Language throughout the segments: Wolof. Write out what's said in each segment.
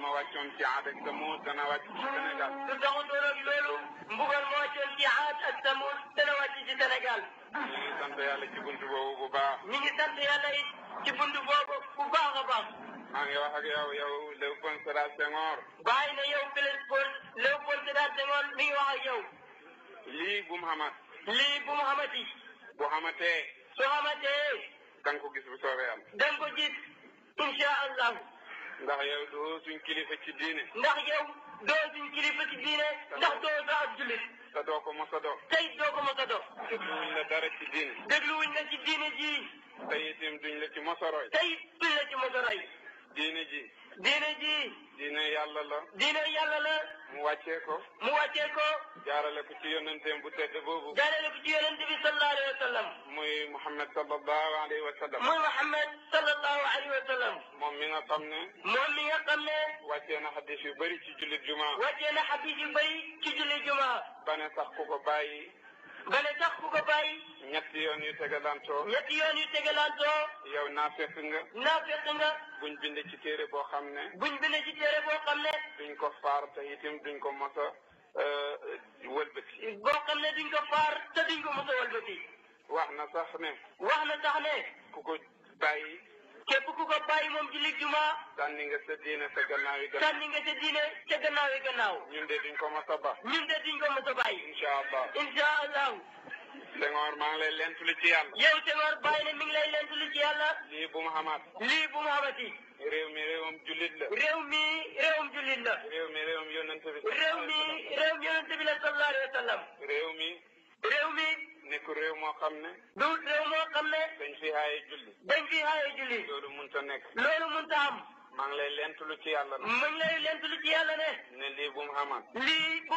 ma wàccoon ci aad ak samud dana wàcc ci Sénégal. lu taxutoon ak loolu. mbugal ma wàccoon ci aad ak samud dana wàcc ci Sénégal. ñu ngi sant yàlla ci buntu boobu bu baax. ñu ngi sant yàlla ci buntu boobu bu baax a baax. maa ngi wax ak yow yow Léopold Sédar Senghor. bàyyi na yow Léopold Léopold Sédar Senghor mi ngi wax ak yow. lii bu mu xamat. lii bu mu xamati. bu xamatee. su xamatee. da nga ko gis bu soobee allah. ndax yow doo suñ kilifa ci diine. ndax yow doo suñ ci diine. ndax doo sa ab jullit. te ko mos a doon. tey doo ko mos a doon. dégluwuñ la dara ci diine. dégluwuñ la ci diine ji. te itam duñ la ci mos a roy. te it duñ la ci mos a roy. diine ji. diine ji. diine yàlla la. diine yàlla la. mu wàccee ko. mu wàccee ko. jaarale ko ci yonenteem bu tedd boobu. jaarale ko ci yonente bi sallallahu alayhi wa sallam. muy Mouhamed sallallahu alayhi wa sallam. muy Mouhamed sallallahu alayhi wa sallam. moom mi nga xam ne. moom mi nga xam ne. wàccee na xadis yu bëri ci julli juma. wàccee na xadis yu bëri ci julli juma. ba ne sax ku ko bàyyi. bële sax ku ko bàyyi. ñetti yoon yu tegalantoo. ñetti yoon yu tegalantoo. yow naafeq nga. naafeq nga. buñ bind ci téere boo xam ne. buñ bind ci téere boo xam ne. duñ ko faar te itam duñ ko mos a euh, wëlbati. boo ne duñ ko faar te duñ ko mos a wëlbati. wax na sax ne. wax na sax ne. ku ko bàyyi. képp ku ko bàyyi moom julli juma. sànni nga sa diine sa gannaaw yi gannaaw. sànni nga sa de duñ ko mos a ba. ñun de ko mos a bàyyi. incha allah incha allah. Senghor maa ngi lay lentulu ci yàlla. yow Senghor bàyyi ne mi ngi lay lentulu ci yàlla. lii bu mu xamaat. lii bu mu xamati. réew mi réewum jullit la. réew mi réewum jullit la. réew mi réewum yonent bi. réew mi réewum yonent bi la sallallahu alayhi mi. réew mi. nekkul réew moo xam ne. du réew moo xam ne. dañ fi aaye julli. dañ fi aaye julli. loolu mënta nekk. loolu mënta am. maa ngi lay lentulu ci yàlla ne. maa ngi lay lentulu ci yàlla ne. ne lii bu mu xamaat. lii bu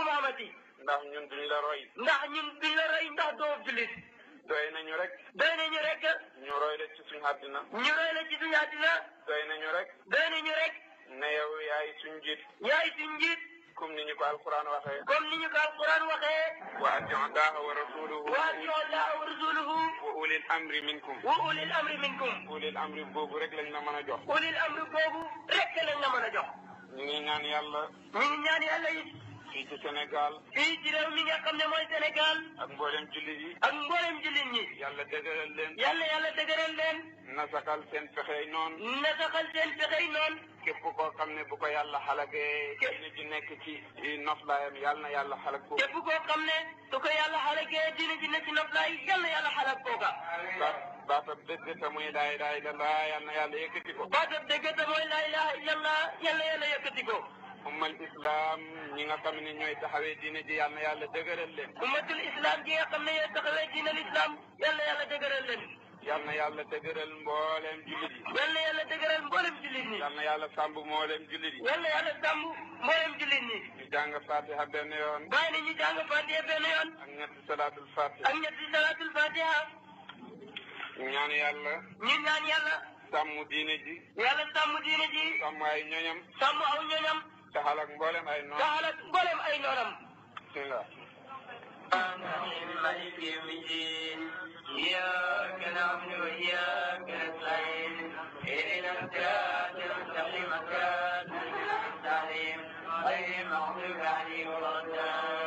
ndax ñun duñ la roy. ndax ñun duñ la roy ndax doo jullit. doy nañu rek. doy nañu rek. ñu roy la ci àddina. ñu roy la ci suñu àddina. doy nañu rek. doy nañu rek. na yow yaay suñu njiit. yaay comme ni ñu ko alquran waxee. comme ni ñu ko alquran waxee. wa atiu llaha wa rasuluhu. wa atiu llaha wa rasuluhu. wa ulil amri minkum. wa ulil amri minkum. ulil amri boobu rek lañ la mën a jox. ulil amri boobu rek lañ la mën a jox. ñu ngi ñaan yàlla. ñu ngi ñaan yàlla it. fii ci Sénégal. fii ci réew mi nga xam ne mooy Sénégal. ak mboolem jullit yi. ak mboolem jullit ñi. yàlla dëgëral leen. yàlla yàlla dëgëral leen. nasaxal seen pexey noonu. nasaxal seen pexey noonu. képp koo xam ne bu ko yàlla xalagee. diine ji nekk ci noflaayam yàlla na yàlla xalag kooka. képp koo xam ne bu ko yàlla xalagee diine ji nekk na yàlla xalag kooka. baatab dëgg te muy laa ilaaha illallah yàlla na yàlla yëkkati ko. baatab dëgg te muy laa ilaaha illallah yàlla yàlla ko. ummal islam ñi nga xam ne ñooy taxawee diine ji yal na yàlla dëgëral leen. ummatul islam ji nga xam ne ñooy taxawee diine l'islam yal na yàlla dëgëral leen. yal na yàlla dëgëral mboolem jullit yi. yal na yàlla dëgëral mboolem jullit yi. yal na yàlla sàmb mboolem jullit yi. yal na yàlla sàmb mboolem jullit yi. ñu jàng fatiha benn yoon. bàyyi na ñu jàng fatiha benn yoon. ak ñetti salaatul fatiha. ak ñetti salaatul fatiha. ñu ñaan yàlla. ñu ñaan yàlla. sàmm diine ji. yàlla sàmm diine ji. sàmm ay ñoñam. sàmm aw ñoñam. taxal ak mboolem ay noonam. taxal ak mboolem ay noonam. bismillah. مالك يوم الدين إياك نعبد وإياك نستعين اهدنا الصراط المستقيم صراط العالمين غير المغضوب عليهم ولا الضالين